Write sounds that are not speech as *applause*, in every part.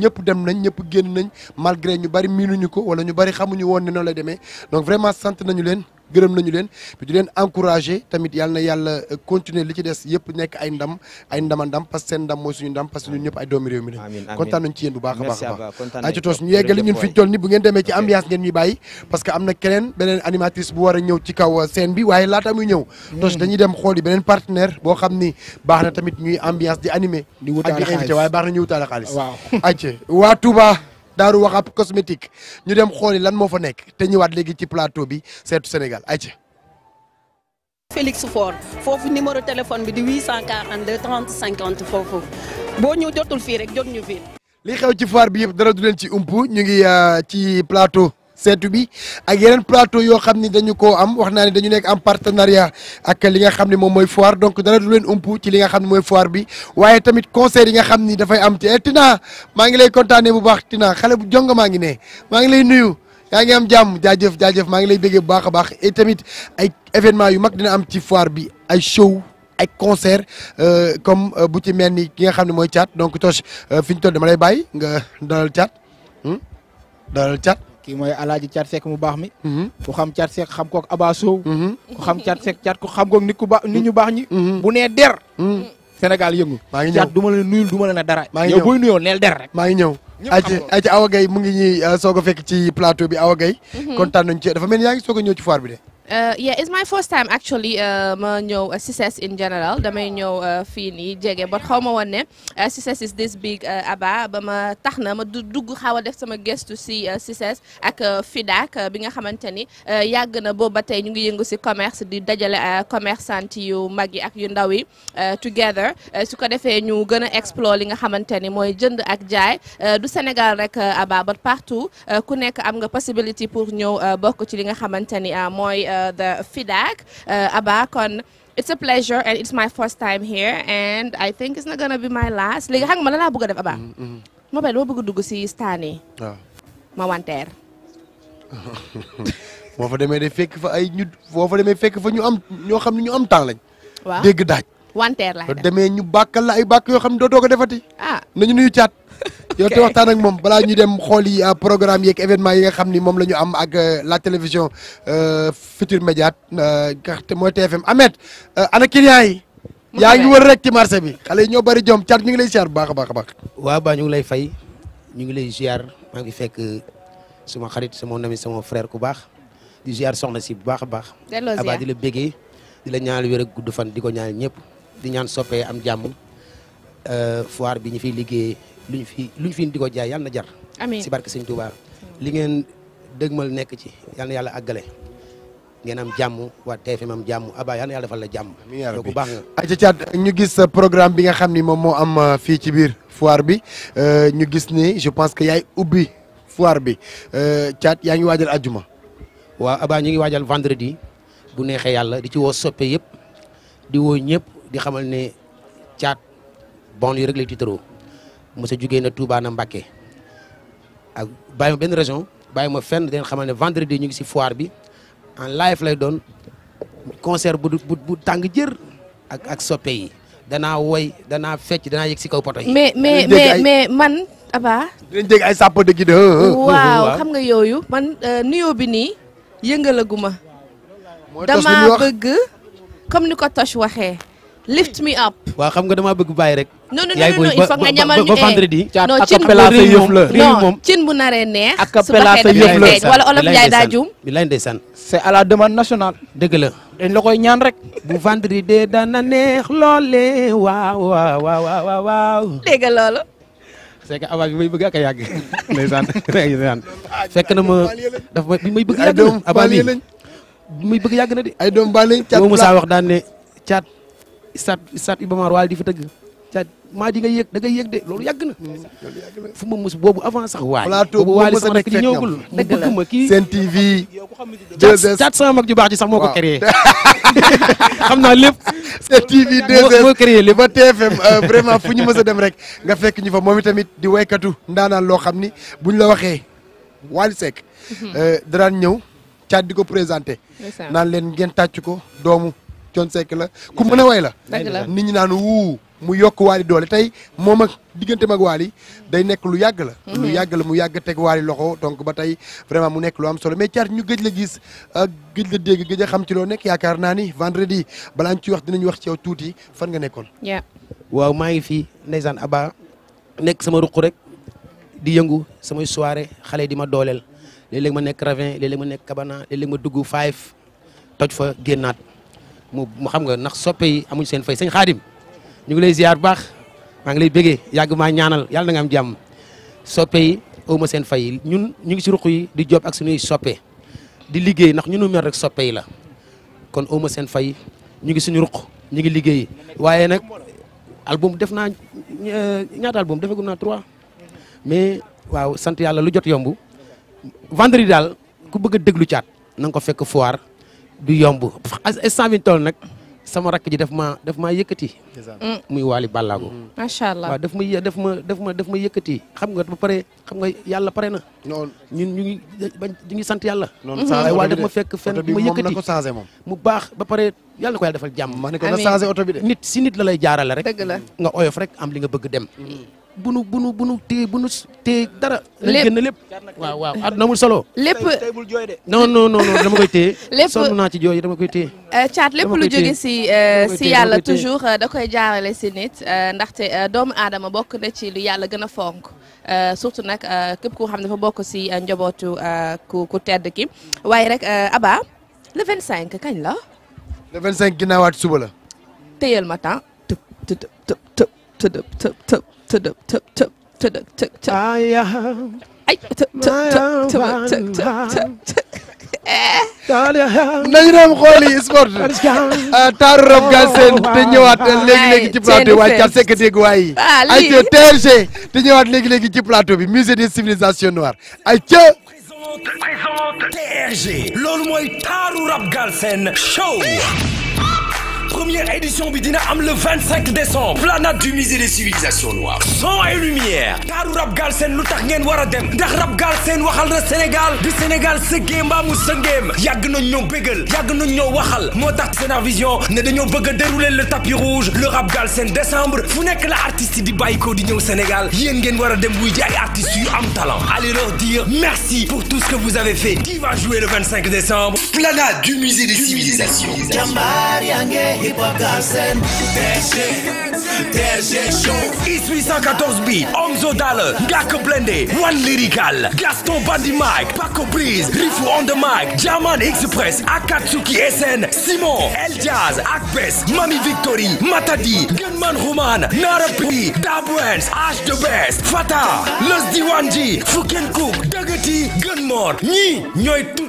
ñëpp dem nañ ñëpp génn nañ malgré ñu bari miinuñu ko wala ñu bari xamuñu woon ne noonu la demee donc vraiment sant nañu leen gërëm nañu leen di leen encouragé tamit yàlla na yàlla euh, continuer li ci des yëpp nekk ay ndam ay ndama ndam parce que seen ndam mooy suñu ndam parce que ñun ñëpp ay a baax a ñun fi ñu ni bu ngeen demee ci ambiance ngeen ñuy bàyyi que am na keneen beneen animatrice bu war a ñëw ci kaw euh, scène bi waaye laata muy ñëw hmm. tos dañuy dem xool yi beneen partenaire boo xam ni baax na tamit ñuy ambiance di animer ak di invité waaye baax na ñuy wutaale xaalis waa Touba daaru waxab cosmétique ñu dem xooli lan moo fa nekk te ñëwaat léegi ci plateau bi seetu Sénégal ay ci Félix Faure foofu numéro téléphone bi di 842 30 50 foofu boo ñëw jotul fii rek jot ñu fii. li xew ci foire bi yëpp dara du leen ci ump ñu ngi euh, ci plateau seetu bi ak yeneen plateau yoo xam ni dañu ko am wax naa ne dañu nekk am partenariat ak li nga xam ne moom mooy foir donc dara du leen ump ci li nga xam ne mooy foire bi waaye tamit concert yi nga xam ni dafay am ci eh, Tina maa ngi lay kontaanee bu baax Tina xale bu jong maa ngi ne maa ngi lay nuyu yaa ngi am jàmm jaajëf jaajëf maa ngi lay bëggee bu a baax et tamit ay événement yu mag dina am ci foir bi ay show ay concert euh, comme euh, bu ci mel ni ki nga xam ne mooy caat donc Toch euh, fi ñu toll dama lay bàyyi nga dalal caat hmm? dalal caat kii mooy alaaji Thiat Seck mu baax mi mm-hmm. ku xam Thiat Seck xam kook Aba Sow mm-hmm. ku xam Thiat Seck Thiat xam kook nit ku baax nit ñu baax ñi mm-hmm. bu nee der Sénégal yëngu maa ngi ñëw Thiat ma la nuyul du ma la na dara yow booy nuyoo neel der rek maa ngi ñëw aci aci Awa Gaye mu ngi ñuy euh, soog fekk ci plateau bi Awa Gaye kontaan nañ ci dafa mel ni yaa ngi soog a ñëw ci foire Uh, yeah it's my first time actually uh, ma ñëw uh, CICES in general damay ñëw fii nii jege ba xaw ma woon ne CICES is this big aba ba ma tax na ma dugg xaw a def sama gëstu si CICES ak FIDAK bi nga xamante ni yàgg na boobu ba tey ñu ngi yëngu si commerce di dajale commerçant yu mag yi ak yu ndaw yi together su ko defee ñu gën a explore li nga xamante ni mooy jënd ak jaay du Sénégal rek aba ba partout ku nekk am nga possibility pour ñëw bokk ci li nga xamante ni mooy the FIDAC, uh, ABACON. it's a pleasure and it's my first time here and I think it's not gonna be my last léegi xam ma la laa bëgg a def Aba. Mm, mm. ma bay dama bëgg a dugg si staan yi. ma wanteer. *laughs* boo demee de fekk fa ay ñu boo fa demee fa ñu am ñoo xam ne ñu am temps dégg daaj. wanteer laa demee yoo xam ne dootoo defati. ah nañu nuyu caat. yow te moom balaa ñu dem xool yi ah, programme yeeg événement yi nga xam ni moom la ñu am ak euh, la télévision euh, Futur Média euh, te mooy TFM Ahmed ana client yi. yaa ngi wër rek ci marché bi xale ñoo bari jom cat ñu ngi lay ziar bu baax a baax a baax. waaw ba ñu ngi lay fay ñu ngi lay ziar maa ngi fekk suma xarit sama nami sama frère ku baax di ziar soxna si bu baax a baax. delloo ziar di la bégee di la ñaanal wér gudd fan di ko ñaanal ñëpp di ñaan sope am jàmm foire bi ñu fiy liggéey. luñ fi luñ fi di ko jaay yàlla na jar. amiin si barke sëñ Touba. li ngeen dëgmal nekk ci yàlla na yàlla àggale. ngeen am jàmm waa TFM mam jàmm Abba yàlla na yàlla defal la jàmm. amiin ku baax nga. ayca caat ñu gis programme bi nga xam ni moom moo am euh, fii ci biir foire bi euh, ñu gis ni je pense que yaay ubbi foire bi caat euh, yaa ngi waajal àjjuma. waa Abba ñu ngi waajal vendredi bu neexee yàlla di ci woo soppee yëpp di woo ñëpp di xamal ne caat bon yi rek lay mos a jugee na Touba na Mbacké ak ma benn région bay ma fenn den xamal ne vendredi ñu ngi si foir bi en live lay doon concert bu bu tàng jër ak ak soppe yi danaa woy danaa fecc dana yëg si kaw poto yi. mais mais mais man. Aba de waaw xam nga yooyu man euh, nuyoo bi nii yëngalaguma. dama bëgg comme ni ko Toch waxee. lift me up. waaw xam nga damaa bëgg bàyyi rek. non non non il faut nga ñamal ñu ba vendredi. non cin bu non naree neex. ak capella sa yëf wala olof Ndiaye daa juum. bilaay ndeysaan c'est à la demande nationale. dëgg la dañ la koy ñaan rek. bu vendredi dana neex loolee waaw waaw waaw waaw. a yàgg. *laughs* ndeysaan *laughs* fekk na ma bi may bëgg yàgg na. de. ay doom wax daan caat. stade stade Iba Mar di fa tëgg ca di nga yëg da ngay yëg de loolu yàgg na mm, mm, fu ma mos boobu avant sax waali boobu waali sama rek di ñëwagul mu ma kii Sen TV caat sama mag ju baax ji sax moo ko créé *laughs* xam naa lépp Sen TV 2S moo créé lépp ba TFM euh, vraiment fu ñu mës a dem rek nga fekk ñu fa moom itamit di waykatu ndaanaan loo xam ni buñ la waxee Waly Seck mhm. euh, daraan ñëw caat di ko présenté naan leen ngeen tàcc ko doomu Thione Seck la ku mën a way la nit ñi naan wuu mu yokk waali doole tey moom ak diggante mag waali day nekk lu yàgg la mhm. lu yàgg la mu yàgg teg waali loxo donc ba tey vraiment mu nekk lu am solo mais Thiat ñu gëj la gis ah, gëj la dégg gëj a xam ci loo nekk yaakaar naa ni vendredi balaa ñu ci wax dinañu wax ci yow tuuti fan nga nekkoon waaw maa ngi fii ndeysaan Aba nekk sama ruq rek di yëngu sama soirée xale di ma dooleel léeg-léeg ma nekk ravin léeg-léeg ma nekk kabana léeg-léeg ma dugg five toj fa génnaat mu xam nga ndax soppe yi amuñ seen fay sëñ xaadim ñu ngi lay ziar bu baax maa ngi lay bëggee yàgg maa ñaanal yàlla na nga am jàmm soppe yi awma seen fay ñun ñu ngi si ruq yi di job suñuy soppe di liggéey ndax ñunu rek soppe la kon awma seen fay ñu ngi suñu ruq ñu ngi liggéey waaye nag album def naa ñaata album defagum naa trois mais waaw sant yàlla lu jot yomb vendredi daal ku bëgg a déglu caat nang ko fekk foire du yomb instant bi ñu nag sama rakk ji def ma daf maa yëkkati. Mm. muy waali Ballago. Mm. macha allah waaw daf ma daf ma def ma daf ma yëkkati. xam nga ba pare xam nga yàlla pare na. ñun ñu ngi ñu ngi sant yàlla. noonu changé waaye ma fekk fenn ma yëkkati mu baax ba pare yàlla na ko yàlla defal jàmm. amiin ma ne oto bi de. nit si nit la lay jaarale rek. dëgg la nga oyof rek am li nga bëgg dem. Mm. bu nu bu nu bu nu téye bu nu téye dara. lépp génn lépp. waaw waaw àdduna amul solo. lépp tey bul jooy de. non dama koy téye. *laughs* lépp naa ci jooy dama koy téye. caat euh, lépp lu jóge si euh, si yàlla toujours euh, da koy jaarale si nit ndaxte doomu aadama bokk na ci lu yàlla gën a fonk surtout nag képp ku xam ne dafa bokk si njabootu ku ku tedd ki waaye rek Aba le 25 kañ la. le 25 ginnaawaat suba la. téyel ma temps tëb tëb tëb. tëdd të të të të të. ay të të të të të të. nañu dem xool yi sport taaru rab gaal seen te ñëwaat léegi léegi ci plateau bi waaye car sekk dégg waay yi ay ca TRG te ñëwaat léegi léegi ci plateau bi musée des civilisations noires ay ca. présente TRG loolu mooy taaru rab gaal seen show. première édition bi dina am le 25 décembre planète du musée des civilisations noires son et lumière taaru rab gaal seen lu tax ngeen war a dem ndax rab gaal seen waxal na Sénégal bi Sénégal sëggee mbaamu sëngeem yàgg nañ ñoo bégal yàgg nañ ñoo waxal moo tax Sénar Vision ne dañoo bëgg a dérouler le tapis rouge le rab gaal seen décembre fu nekk la artiste di bàyyi di ñëw Sénégal yéen ngeen war a dem buy ji ay artistes yu am talent allez leur dire merci pour tout ce que vous avez fait qui va jouer le décembre planète hip hop Galsen DG Mike Paco Breeze Rifu on the mic Jaman Express Akatsuki SN Simon El Jazz Akbes Mami Victory Matadi Gunman Roman Nara P Dabwens the Best Fata Los Diwanji Fuken Cook Gunmore ñi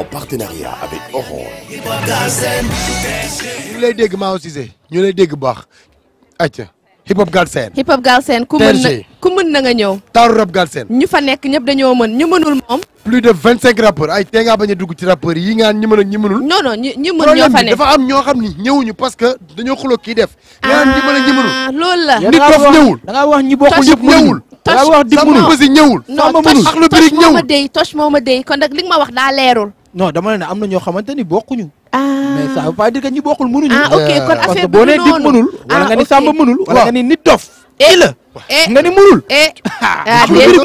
en partenariat avec Orange. ñu lay dégg Maodo sise ñu lay dégg baax. acca hip hop Galsen. hip hop Galsen ku mën na ku mën na nga ñëw. taaru rap Galsen. ñu fa nekk ñëpp dañoo mën ñu mënul moom. plus de vingt cinq rappeurs ay tey ngaa bañ a dugg ci rappeurs yi ngaan ñi mën ak ñi mënul. non non mën ñoo fa nekk dafa am ñoo xam ni ñëwuñu parce que dañoo xuloo kii def. Ah, ñi mën ak ñi mënul. loolu la ni dof ñëwul. da ngaa wax ñi bokkul yëpp ñëwul. da ngaa wax dig mënul samba mënul. samba tosh moo ma dey kon nag li nga ma wax daa leerul non dama ne am na ñoo xamante ni bokkuñu. Ah. mais ça veut ñi bokkul mënuñu. ah ok kon affaire bi noonu parce que boo nee dib mënul. wala nga ni ah, sàmba mënul. wala nga ni nit dof. Eh, kii la eh, nga ni mënul. Eh. ah déedéet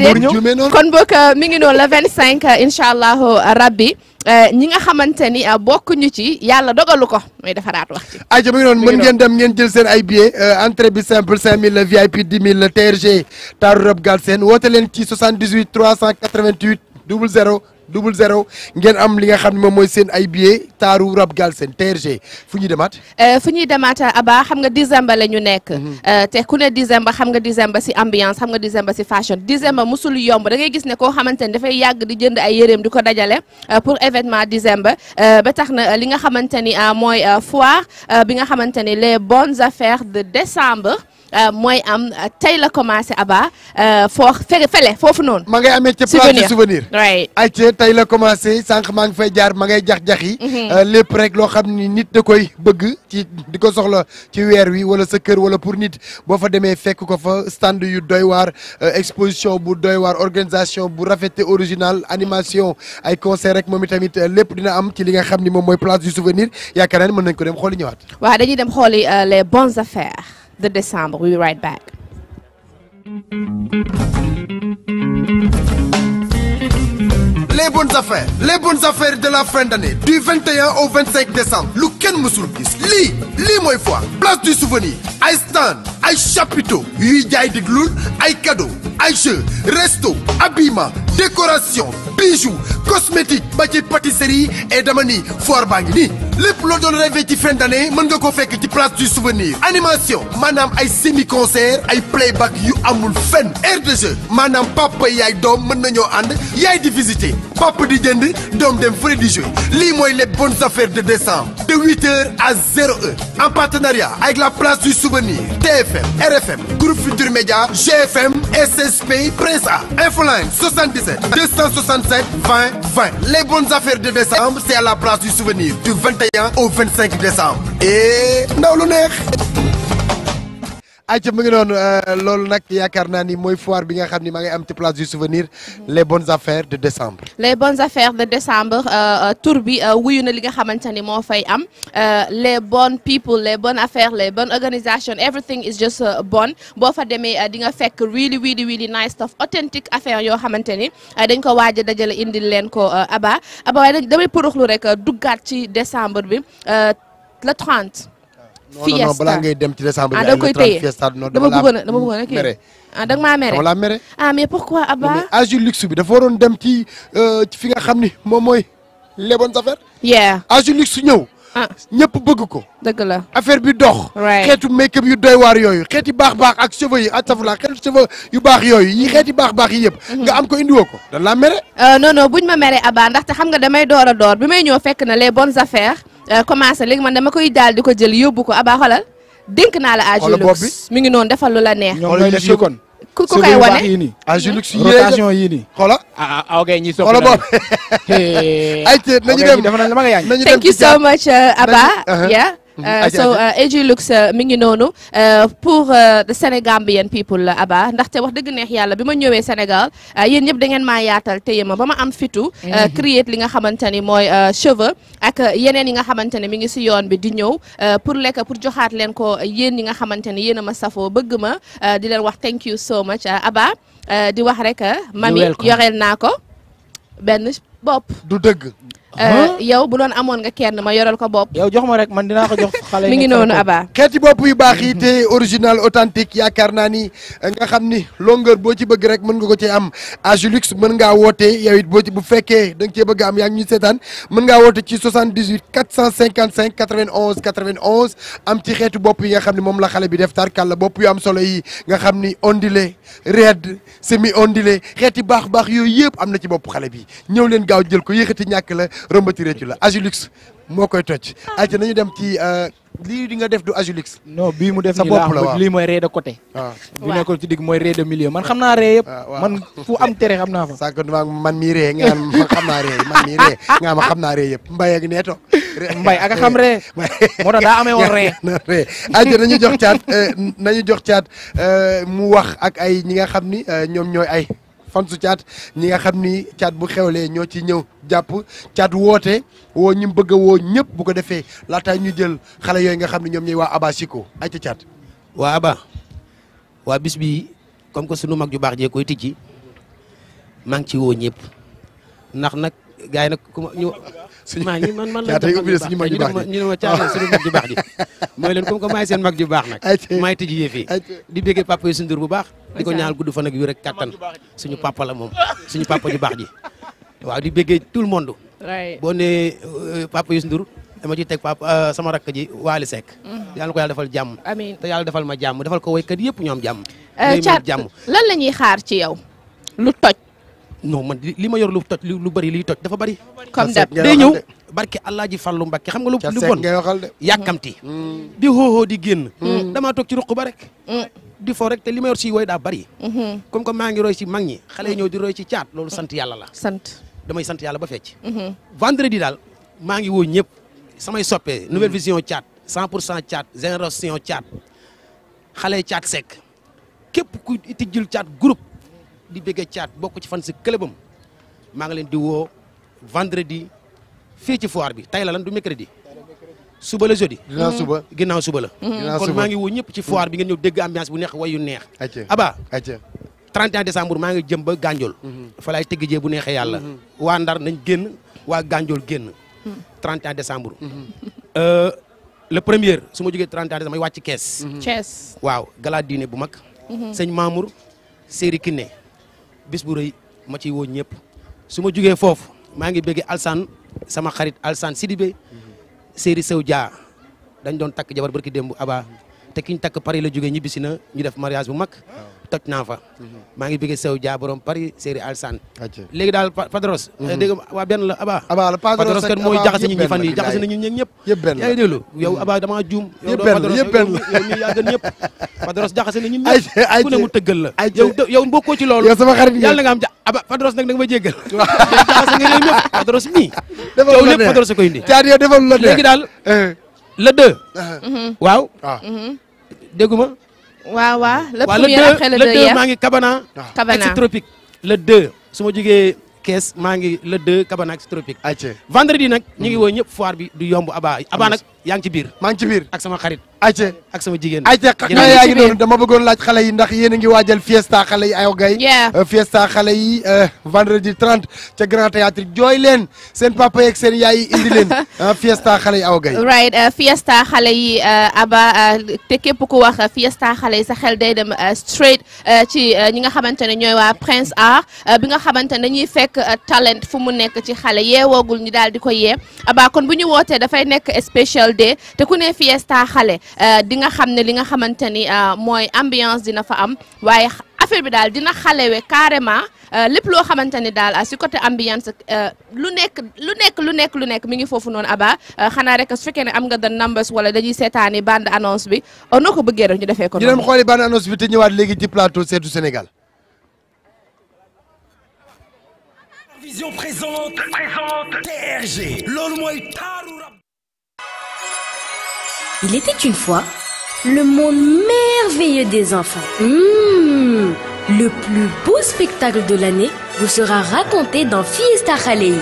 mënuñu. waaw mënuñu kon boog euh, mi ngi noon la 25 incha allahu rabbi euh, ñi nga xamante ni euh, bokkuñu ci yàlla dogalu ko mooy defaraat wax ci. ayca mi ngi noonu ngeen dem ngeen jël seen ay billets entrée bi simple 5000 la VIP 10 000 la TRG Taaru Rab Galsen woote leen ci 78 388 00. double zéro ngeen am li nga xam ne moom mooy seen ay billets taaru rab Galsen TRG fu ñuy demaat. Eh, fu ñuy demaat Aba xam nga décembre la ñu nekk. Mm-hmm. Eh, te ku ne décembre xam nga décembre si ambiance xam nga décembre si fashion décembre musul yomb da ngay gis ne koo xamante ne dafay yàgg di jënd a yéreem di ko dajale eh, pour événement décembre ba tax na li nga xamante ni mooy foire bi nga xamante ni les bonnes affaires de décembre. Euh, mooy am euh, tey la commencé Aba euh, foo fere fele foofu noonu. ma ngay amee ca place de souvenir. waay ayca tey la commencé sànq maa ngi fay jaar ma ngay jax-jax yi. Mhm. lépp rek loo xam ni nit da koy bëgg ci di ko soxla ci weer wi wala sa kër wala pour nit boo fa demee fekk ko fa stand yu doy waar exposition bu doy waar organisation bu rafet original animation ay concert rek moom itamit lépp dina am ci li nga xam ni moom mooy place du souvenir yaakaar naa ne mën nañ ko dem xooli ñëwaat. waaw dañuy dem xooli les bonnes affaires. the December. We'll be right back. Les bonnes affaires, les bonnes affaires de la fin d'année du 21 au 25 décembre lu kenn mësul gis lii lii mooy du souvenir ay stand ay chapiteaux yuy jaay diglul ay cadeaux ay jeux resto habillement décoration bijoux cosmétique ba ci pâtisserie et dama ni foire baa ngi nii lépp loo doon rêvé ci fin d'année mën nga ko fekk ci place du souvenir animation maanaam ay semi concert ay playback yu amul fenn aire de jeu maanaam papa yaay doom mën nañoo ànd yaay di visiter papa di jënd doom dem fële lii mooy les bonnes affaires de décembre de 8 heures à 0 heure en partenariat avec la place du FM RFM Groupe Futur Média GFM SSP Prince A Infoline 77 267 20 20 les bonnes affaires de décembre c'est à la place du souvenir du 21 au 25 décembre et ndaw lu neex ayca mu ngi noonu euh, loolu nag yaakaar naa ni mooy foire bi nga xam ni maa ngi am ci place du souvenir mhm. les bonnes affaires de décembre. les bonnes affaires de décembre euh, euh, tour bi wuyu na li nga xamante ni moo fay am les bonnes people les bonnes affaires les bonnes organisations everything is just bon boo fa demee di nga fekk really really really nice stuff authentique affaire yoo xamante ni dañ ko waaja dajale indil leen ko Aba Aba waaye damay poroxlu rek duggaat ci décembre bi le fiesta non non balaa ngay dem ci décembre. ah da nga koy téye dama bëggoon a dama bëggoon ah, dama ah, bi dafa waroon dem euh, ci fi nga xam ni moom mooy les bonnes affaires. yeah âge luxe ñëw. ah ñëpp bëgg ko. dëgg la affaire bi dox. xeetu make up yu waar yooyu xeeti baax baax ak cheveux yi ak safula xeetu baax yooyu baax baax yi yëpp. Mhm. nga am ko indiwoo ko. da la mere. Euh, non non buñ ma mere Abba ndaxte xam nga damay door a door bi may ñëw fekk na les bonnes affaires Euh, commencé léegi man dama koy daal di ko jël yóbbu ko abaa xolal dénk naa la Agilux mi ngi noonu defal lu la neex. ñoom ñooy kon. ku ku koy wane Agilux rotation yii nii. xoola ah, ah ah ok ñi soxla nañu xoola *laughs* boobu. ay nañu dem thank you so much uh, Abba. Uh-huh. ya Mm-hmm. Euh, so euh, Edulux euh, mi ngi noonu pour the Sénégambian people Aba ndaxte wax dëgg neex yàlla bi ma ñëwee Sénégal yéen ñëpp da ngeen maa yaatal téye ma ba ma am fitu mm-hmm. create li nga xamante ni mooy cheveux ak yeneen yi nga xamante ne mi ngi si yoon bi di ñëw pour lekk pour joxaat leen ko yéen ñi nga xamante ni yéen a ma safoo bëgg ma di leen wax thank you so much Aba di wax rek mami yoxel naa ko benn bopp dëgg Ah? Euh, yow bu doon amoon nga kenn ma yoral ko bopp. yow jox ma rek man dinaa ko jox *laughs* xale mi ngi noonu Abba. xeeti bopp yu baax yi te original authentique yaakaar naa ni euh, nga xam ni longueur boo ci bëgg rek mën nga ko ci am Agilux mën ngaa woote yow boo ci bu fekkee da nga cee bëgg am yaa ngi ñu seetaan mën ngaa woote ci 78 455 91 91 am ci xeetu bopp yi nga xam ne moom la xale bi def tarkalla bopp yu am solo nga xam ni ondulé raide semi ondulé xeeti baax baax yooyu yëpp am na ci bopp xale bi ñëw leen gaaw jël ko yéexati ñàkk la rëmbati réccu la Agilux moo koy toj. ayca ah. nañu dem ci euh, lii di nga def du Agilux. no bii mu def nii laa lii mooy ree de côté. Ah. waaw bi nekkoon ci digg mooy ree de milieu man xam naa ree yëpp. Ah, man fu am tere xam naa fa. sànq man mii ree nga xam naa ree man mii ree ma xam naa ree yëpp mbay ak neeto. mbay ak xam ree moo tax daa amee woon ree. ayca *laughs* nañu jox caat euh, nañu jox caat euh, mu wax ak ay ñi nga xam ni ñoom ñooy ay. fansu caat ñi nga xam ni caat bu xewlee ñoo ci ñëw jàpp caat woote woo ñi bëgg a woo ñëpp bu ko defee laata ñu jël xale yooyu nga xam ne ñoom ñooy waa Aba Siko ay ca caat waa Aba waa bis bi comme que sunu mag ju baax jee koy tijji maa ngi ci woo ñëpp ndax nag gars yi ñu suñu man man la ñu ma caata suñu mag ju baax ji *laughs* mooy leen comme que maay seen mag ju baax nag maay tëj yëf yi di béggee papa Youssou Ndour bu baax di ko ñaanal gudd fan ak yu rek kattan suñu papa la moom suñu papa yu baax ji waaw di béggee tout le monde boo nee euh, papa Youssou Ndour dama ci teg papa euh, sama rakk ji Waly Seck mm-hmm. yàlla na ko yàlla defal jàmm amiin te yàlla defal ma jàmm defal ko waykat yëpp ñoom jàmm euh, caat jàmm lan la ñuy xaar ci yow lu toj non man li ma yor lu toj lu bëri liy toj dafa bëri. comme dab day ñëw barke Alaaji Fallu Mbakke xam nga lu bon yàkkamti mm-hmm. di xooxoo di génn. Mm-hmm. damaa toog ruq ba rek. Mm-hmm. di fo rek te li ma yor si woy daa bëri. comme que maa ngi roy si mag xale yi di roy ci caat loolu sant yàlla la. damay sant yàlla ba fecc. vendredi daal maa ngi woo ñëpp samay soppee nouvelle vision caat 100 pour cent caat génération caat xale caat sec képp ku itti jël caat di bëgg caat bokk ci fan si clubam maa ngi leen di woo vendredi fii ci foire bi tey la lan du mercredi. suba la jeudi. ginnaaw mm. suba ginnaaw suba la. Mm. kon maa ngi woo ñëpp ci foire bi ngeen ñëw dégg ambiance bu neex wayu neex. aba 31 décembre maa ngi jëm ba Gandiol. Mm-hmm. fa laay jee bu neexee yàlla. Mm-hmm. waa Ndar nañ génn waa Gandiol génn. 31 mm. décembre. Mm-hmm. Euh, le premier su ma jógee 31 décembre may wàcc Kees. Kees waaw gala diine bu mag. sëñ Mamour Séri Kiné. bis bu rëy ma ciy woo ñëpp su ma jugee foofu maa ngi bëgg Alsaan sama xarit Alsaan sidibe Séri Sow Dia dañ doon takk jabar barki démb Aba te ki ñu takk Paris la jógee ñibbisi na ñu def mariage bu mag toj naa fa maa ngi bëgg sew jaa borom Paris série Alsan léegi daal Padros dégg waa benn la Aba Aba la Padros kat mooy jaxase ñu ñi fan yi jaxase na ñu ñëpp la yaa ngi déglu yow Aba damaa juum yow yëpp benn la yow ñu yàgg ñëpp Padros jaxase na ñu ñëpp ku ne mu tëggal la yow yow bokkoo ci loolu yow xarit yàlla nga am Aba Padros nag da nga ma jéggal jaxase nga yow ñëpp Padros mii yow lépp a daal le deux waaw dégguma waaw waaw le premier deux maa ngi Kabana. Kabana extropique le deux su ma jugee kees maa ngi le deux Kabana extropique. ayca vendredi nag ñu ngi woo ñëpp foire bi du yomb Aba Aba nag. yaa ngi ci biir maa ngi ci biir ak sama xarit ak sama jigéen ayce dama bëggoon laaj xale yi ndax yéen a ngi waajal fiesta xale yi ayo gay euh, fiesta xale yi euh, vendredi 30 ca grand théâtre jooy leen seen papa yeeg seen yaay indi leen *laughs* euh, fiesta xale yi ayo gay right fiesta xale yi aba te képp ku wax fiesta xale yi sa xel day dem straight ci ñi nga xamante ne ñooy waa Prince Art bi nga xamante ne dañuy fekk talent fu mu nekk ci xale yeewoogul ñi daal di ko yee aba kon bu ñu wootee dafay nekk spécial dee te ku ne fiesta xale euh, di nga xam ne li nga xamante ni euh, mooy ambiance dina fa am waaye affaire bi daal dina xale carrément euh, lépp loo xamante ni daal a si côté ambiance lu nekk lu nekk lu nekk lu nekk mi ngi foofu noonu Aba xanaa rek su fekkee ne am nga the numbers wala dañuy seetaani bande annonce bi oh, noo ko bëggee rek ñu defee ko. ñu dem xooli bande annonce bi te ñëwaat léegi ci plateau seetu Il était une fois le monde merveilleux des enfants. Mmh, le plus beau spectacle de l'année vous sera raconté dans Fiesta Khalei.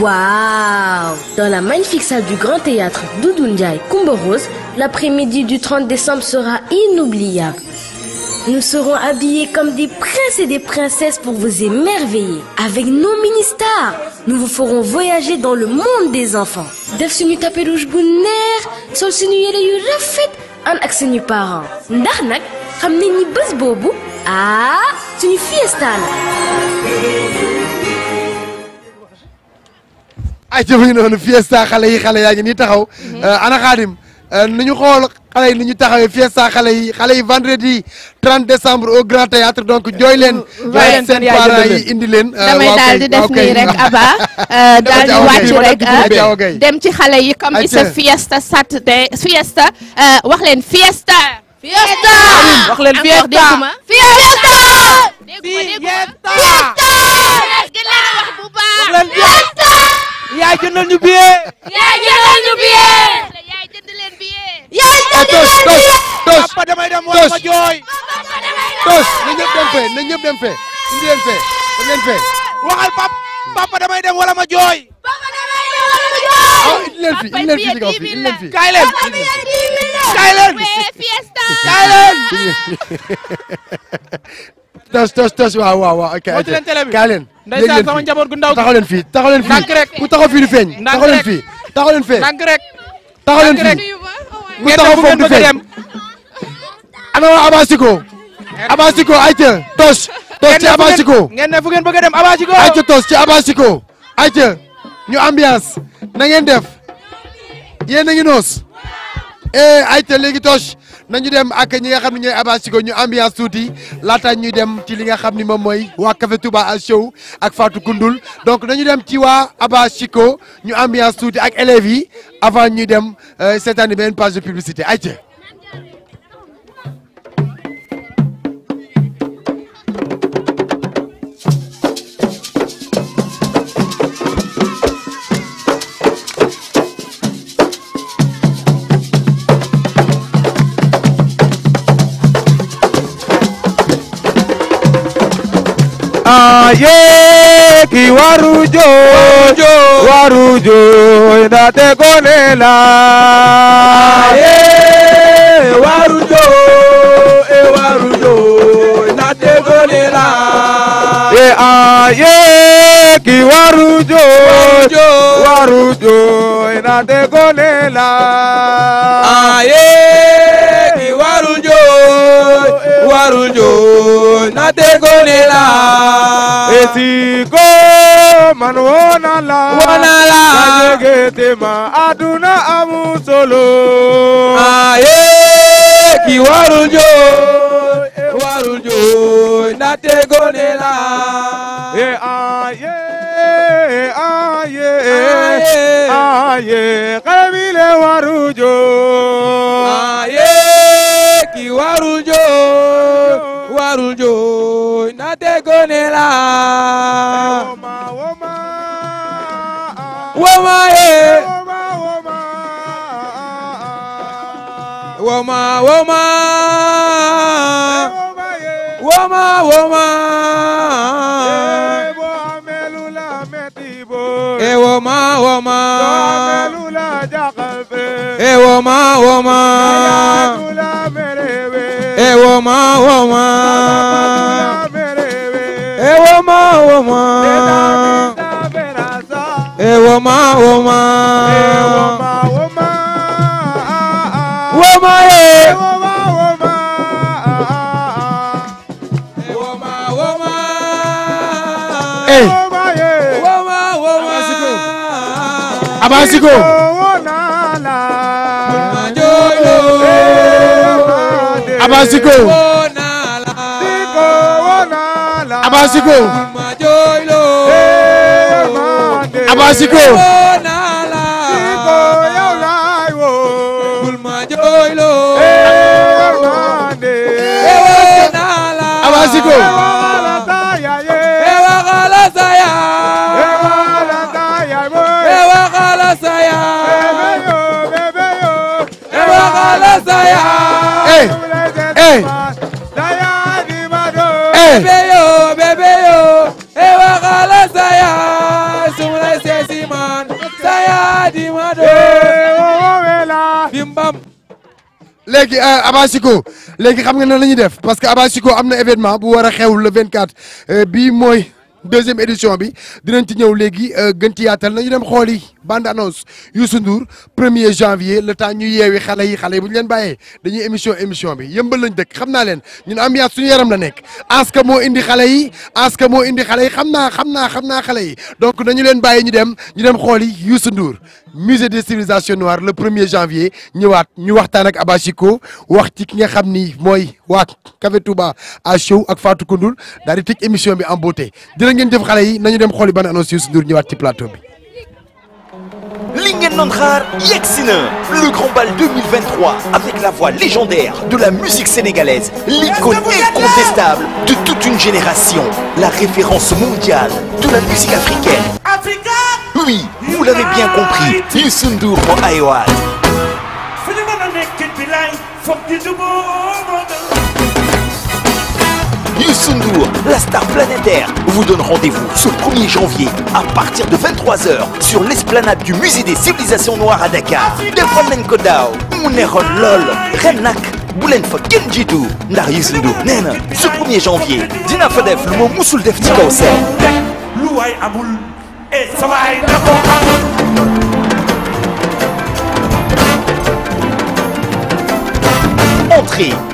Waouh Dans la magnifique du Grand Théâtre d'Oudoundia et Kumboros, l'après-midi du décembre sera inoubliable. Nous serons habillés comme des princes et des princesses pour vous émerveiller. Avec nos mini nous vous ferons voyager dans le monde des enfants. def suñu tapis rouge bu neex sol suñu yére yu rafet ànd ak suñu parents ndax nag xam ni bés boobu ah suñu fiesta la. taxaw. Mhm. Euh, ana Xaadim euh, nañu xool xale yi ni ñu taxawee fiesta xale yi xale yi vendredi 30 décembre au Grand Théâtre donc jooy leen. waaye seen euh, di def nii rek Aba. *laughs* Euh, daal di rek euh, dem ci xale yi comme it's a fiesta Saturday fiesta wax leen fiesta. fiesta wax leen fiesta fiesta. fiesta fiesta. yaa jëndal ñu billet. yaa yaay tos tos tos papa damay dem wala ma jooy tos na ñëpp dem fee na ñëpp dem fee indi leen fee indi leen fee waxal pap papa damay dem wala ma jooy indi ah, leen fii indi leen fii ci kaw fii indi leen fii kaay leen kaay leen kaay leen *laughs* tos tos tos waaw waaw waaw ok ayca kaa leen. ndeysaan sama njaboot gu ndaw taxaw leen fii taxaw leen fii. ndànk rek ku taxaw fii du feeñ. ndànk rek taxaw leen fii taxaw leen fee. ndànk rek taxaw leen fii. mu taxaw foofu di fay ana waa Abasiko Abasiko ayca tos tos ci Abasiko ngeen ne fu ngeen bëgg a dem Abasiko ayca tos ci Abasiko ayca ñu ambiance na ngeen def yéen a ngi noos eh ayca léegi tos nañu dem ak ñi nga xam ne ñooy Abass ko ñu ambiance suuti laata ñuy dem ci li nga xam ni moom mooy waa Café Touba al show ak Fatou Koundoul donc nañu dem ci waa Abass ko ñu ambiance tuuti ak élèves avant ñuy dem euh, cette année benn de publicité ayca. yee ki waru jooy waru jooy ndaxte gone la yee waru jooy e waru jooy ndaxte gone la yee a yee ki waru jooy waru jooy ndaxte gone la warul jooj na te gone la esigo man wona la wona la ma aduna amu solo aye ki warul jooj e warul jooj na te gone e aye aye aye xale bi warul jooj warul jooy warul jooy na te gone la woma ye woma woma eh, woma woma e woma woma e woma woma woma woma e woma woma e woma woma woma e, e, e. Abasiko. Abasiko. Aba Siko Aba Siko Aba Siko Hey! Bébé yo, bébé yo, e waxala saya, sumulay seesi man, saya di ma do. Bimbam. léegi euh, Abasiko léegi xam nga nan la ñuy def parce que Abasiko am na événement bu war a xew le 24 euh, bii mooy deuxième édition bi dinañ ci ñëw léegi euh, gën ci yaatal nañu dem xool yi. bande annonce Youssou Ndour premier janvier le temps ñu yeewi xale yi xale yi bu ñu leen bàyyee dañuy émission émission bi yëmbal lañ dëkk xam naa leen ñun ambiance suñu yaram la nekk aska moo indi xale yi aska moo indi xale yi xam naa xam naa xam na xale yi donc nañu leen bàyyi ñu dem ñu dem xool yi Youssou Ndour musée des civilisations noires le premier janvier ñëwaat ñu waxtaan ak Abachiko wax ci ki nga xam ni mooy waa Café Touba à Show ak Fatou Koundoul daal di tëj bi en beauté jërë ngeen xale yi nañu dem xooli ban annonce ñëwaat ci plateau bi doon xaar yegsi na le grand bal 2023 avec la voix légendaire de la musique sénégalaise l'icône incontestable de toute une génération la référence mondiale de la musique africaine oui vous l'avez bien compris Youssou Ndour Youssou N'Dour, la star planétaire, vous donne rendez-vous ce 1er janvier à partir de 23h sur l'esplanade du musée des civilisations noires à Dakar. Defoon nañ ko daaw mu neexoon lool ren nag bu leen fa kenn ndax Youssou N'Dour na ce 1er janvier dina fa def lu ma musul def ci kaw seen. lu waay amul et sama ay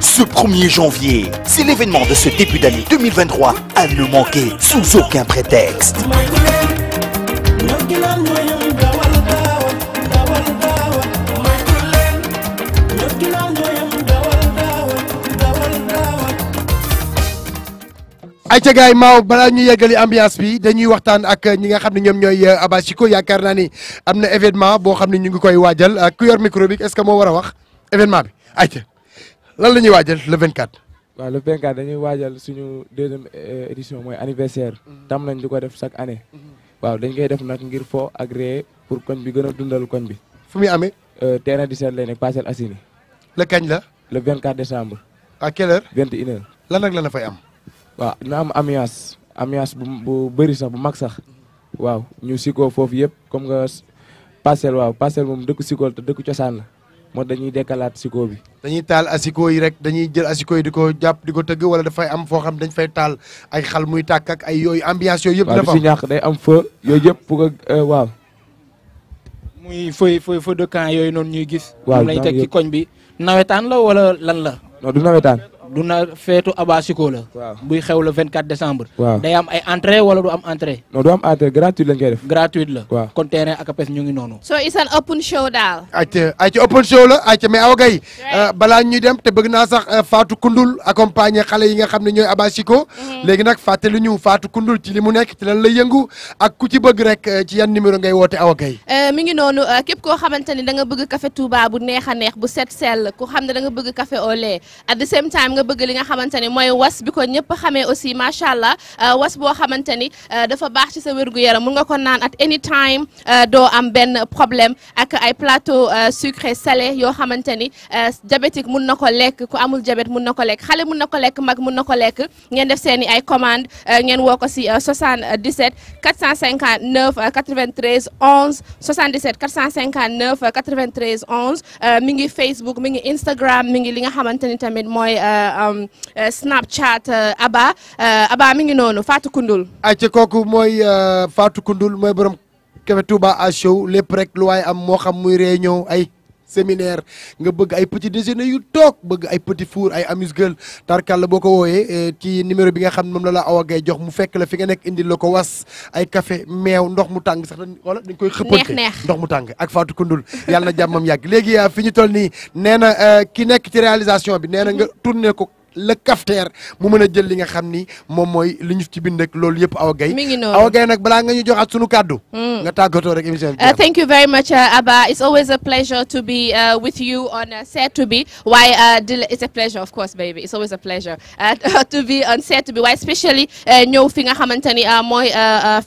Ce 1er janvier, c'est l'événement de ce début d'année 2023 à ne manquer sous aucun prétexte. ayca gaay maaw balaa ñu yeggali ambiance bi dañuy waxtaan ak ñi nga xam ne ñoom ñooy euh, Abachiko yaakaar naa ni am na événement boo xam ne ñu ngi koy waajal euh, ku yor micro bi est-ce que moo war a wax événement bi. acc lan la ñuy waajal le vingt waaw le 24 dañuy waajal suñu deuxième euh, édition mooy anniversaire. Mm-hmm. tam nañ di ko def chaque année. Mm-hmm. waaw dañ koy def nag ngir fo ak pour koñ bi gën a dundal koñ bi. fu muy amee. Euh, terrain du seet lay nekk Parcelles Assainies. kañ la. le 24 décembre. à quelle heure. 21 heures. lan ak lan la fay am. waaw dina am ambiance ambiance bu bu bëri sax bu mag sax. Mm-hmm. waaw ñu sikoo foofu yëpp comme nga parcelle waaw parcelle moom dëkk sikool te dëkk cosaan la. moo dañuy dekkalaat siko bi dañuy taal asiko yi rek dañuy jël asiko yi di ko jàpp tëgg wala dafay am foo xam dañ fay taal ay xal muy tàkk ak ay yooyu ambiance yëpp dafa am si day am feu yooyu yëpp pour euh, waaw muy feu feu feu de camp yooyu noonu ñuy gis waaw lañ teg ci koñ bi nawetaan la wala lan la non du nawetaan du na feetu Abasiko la. waaw buy xew le 24 décembre. waaw day am ay entrée wala du am entrée. non la. kon terrain ak apes ñu ngi noonu. soo is an open show daal. ayca ayca open show la euh, dem te bëgg naa sax euh, Fatou Koundoul accompagner xale yi nga xam ne ñooy Abasiko. Mm-hmm. léegi nag fàttali ñu Fatou Koundoul ci li mu nekk ci lan la yëngu ak ku ci bëgg rek euh, ci yan numéro ngay woote awa gay mi ngi noonu képp koo xamante ni da nga bëgg café Touba bu neex a neex bu set sell ku xam ne da nga bëgg café nga bëgg li nga xamante ni mooy was bi ko ñëpp xamee aussi macha allah euh, was boo xamante ni euh, dafa baax ci sa wérgu yaram mun nga ko naan at any time euh, doo am benn problème ak ay plateau sucré salé yoo xamante ni diabétique mun na ko lekk ku amul diabète mun na ko lekk xale mun na ko lekk mag mun na ko lekk ngeen def seen ay commande ngeen woo ko si 77 459 93 11 77 459 93 11 mi ngi Facebook mi ngi Instagram mi ngi li nga xamante ni tamit mooy Euh, um, euh, Snapchat euh, Aba Aba mi ngi noonu Fatou Koundoul. ay ci kooku mooy Fatou Koundoul mooy borom Café Touba lépp rek lu waaye am moo xam muy réunion ay. séminaire nga bëgg ay petit déjeuner yu toog bëgg ay petit four ay amuse-gueule tarkal la boo ko wooyee eh, ci numéro bi nga xam ne moom la la awa gay jox mu fekk la fi nga nekk indi la ko was ay café meew ndox mu tàng sax wala dañ koy xëppante ndox mu tàng ak Fatou Koundoul yàlla na jàmmam yàgg léegi ah, fi ñu toll nii nee na eh, ki nekk ci réalisation bi nee na nga tourné ko la cafetière mu mën a jël li nga xam ni moom mooy li ñu ci loolu yëpp Awa Gaye mi ngi noonu Awa Gaye nag balaa nga ñu joxaat sunu kàddu. Hmm. nga tàggatoo rek émission bi. Uh, thank you very much uh, Abba it's always a pleasure to be uh, with you on uh, Bi waaye uh, it's a pleasure *laughs* to be on especially ñëw fi nga xamante ni mooy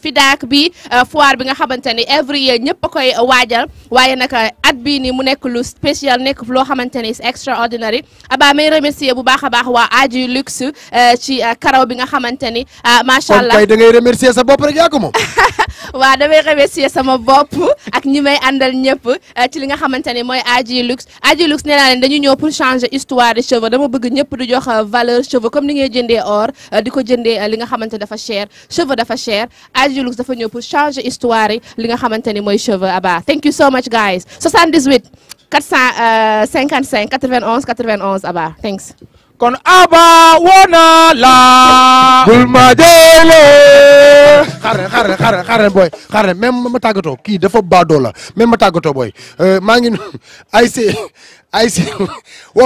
FIDAK bi foire bi nga xamante ni every year ñëpp a koy waajal waaye nag at bii nii mu nekk lu spécial nekk loo xamante ni it's extraordinary Abba may remercier bu baax a waa Aji Luxe euh, ci euh, karaw bi nga xamante ni euh, macha allah kon da ngay remercier sa bopp rek yaa ko moom. *laughs* waaw damay remercier sama bopp ak ñi may àndal ñëpp ci li nga xamante ni mooy Aji Luxe Aji Luxe nee naa leen dañu ñëw pour changer histoire de cheveux dama bëgg ñëpp di jox valeur cheveux comme ni ngay jëndee or di ko jëndee li nga xamante dafa cher cheveux dafa cher Aji Luxe dafa ñëw pour changer histoire li nga xamante ni mooy cheveux Aba thank you so much guys 78 455 91 91 Aba thanks. kon aba wona la bul ma jële xare xare xare xare booy xare tàggatoo kii dafa baadoo la même ma tàggatoo booy euh, maa ngi ay see ay see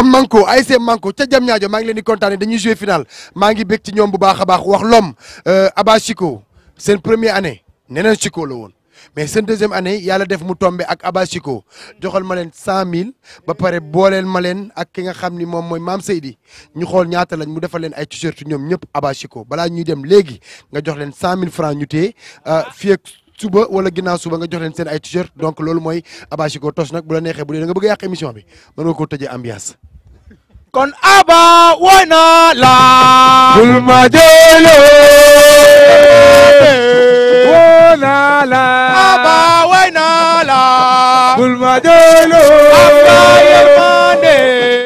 manko ay see manko ca jam ñaajo maa ngi leen di kontaane dañuy jouer final maa ngi bég ci ñoom bu baax a baax wax lom euh, aba Chico seen premier année neneen Chico la woon mais seen deuxième année yàlla def mu tombé ak Abasiko joxal ma leen cent mille ba pare booleel ma leen ak ki nga xam ni moom mooy maam Seydi ñu xool ñaata lañ mu defal leen ay t-shirt ñoom ñëpp Abasiko balaa ñuy dem léegi nga jox leen cent mille francs ñu euh, suba nga jox leen seen ay t donc loolu mooy Abasiko tos nag bu la neexee bu dee nga bëgg a yàq émission bi mën nga ambiance. kon Aba woy na bul ma jëloo. la aba way na la bul ma jolo aba yërmande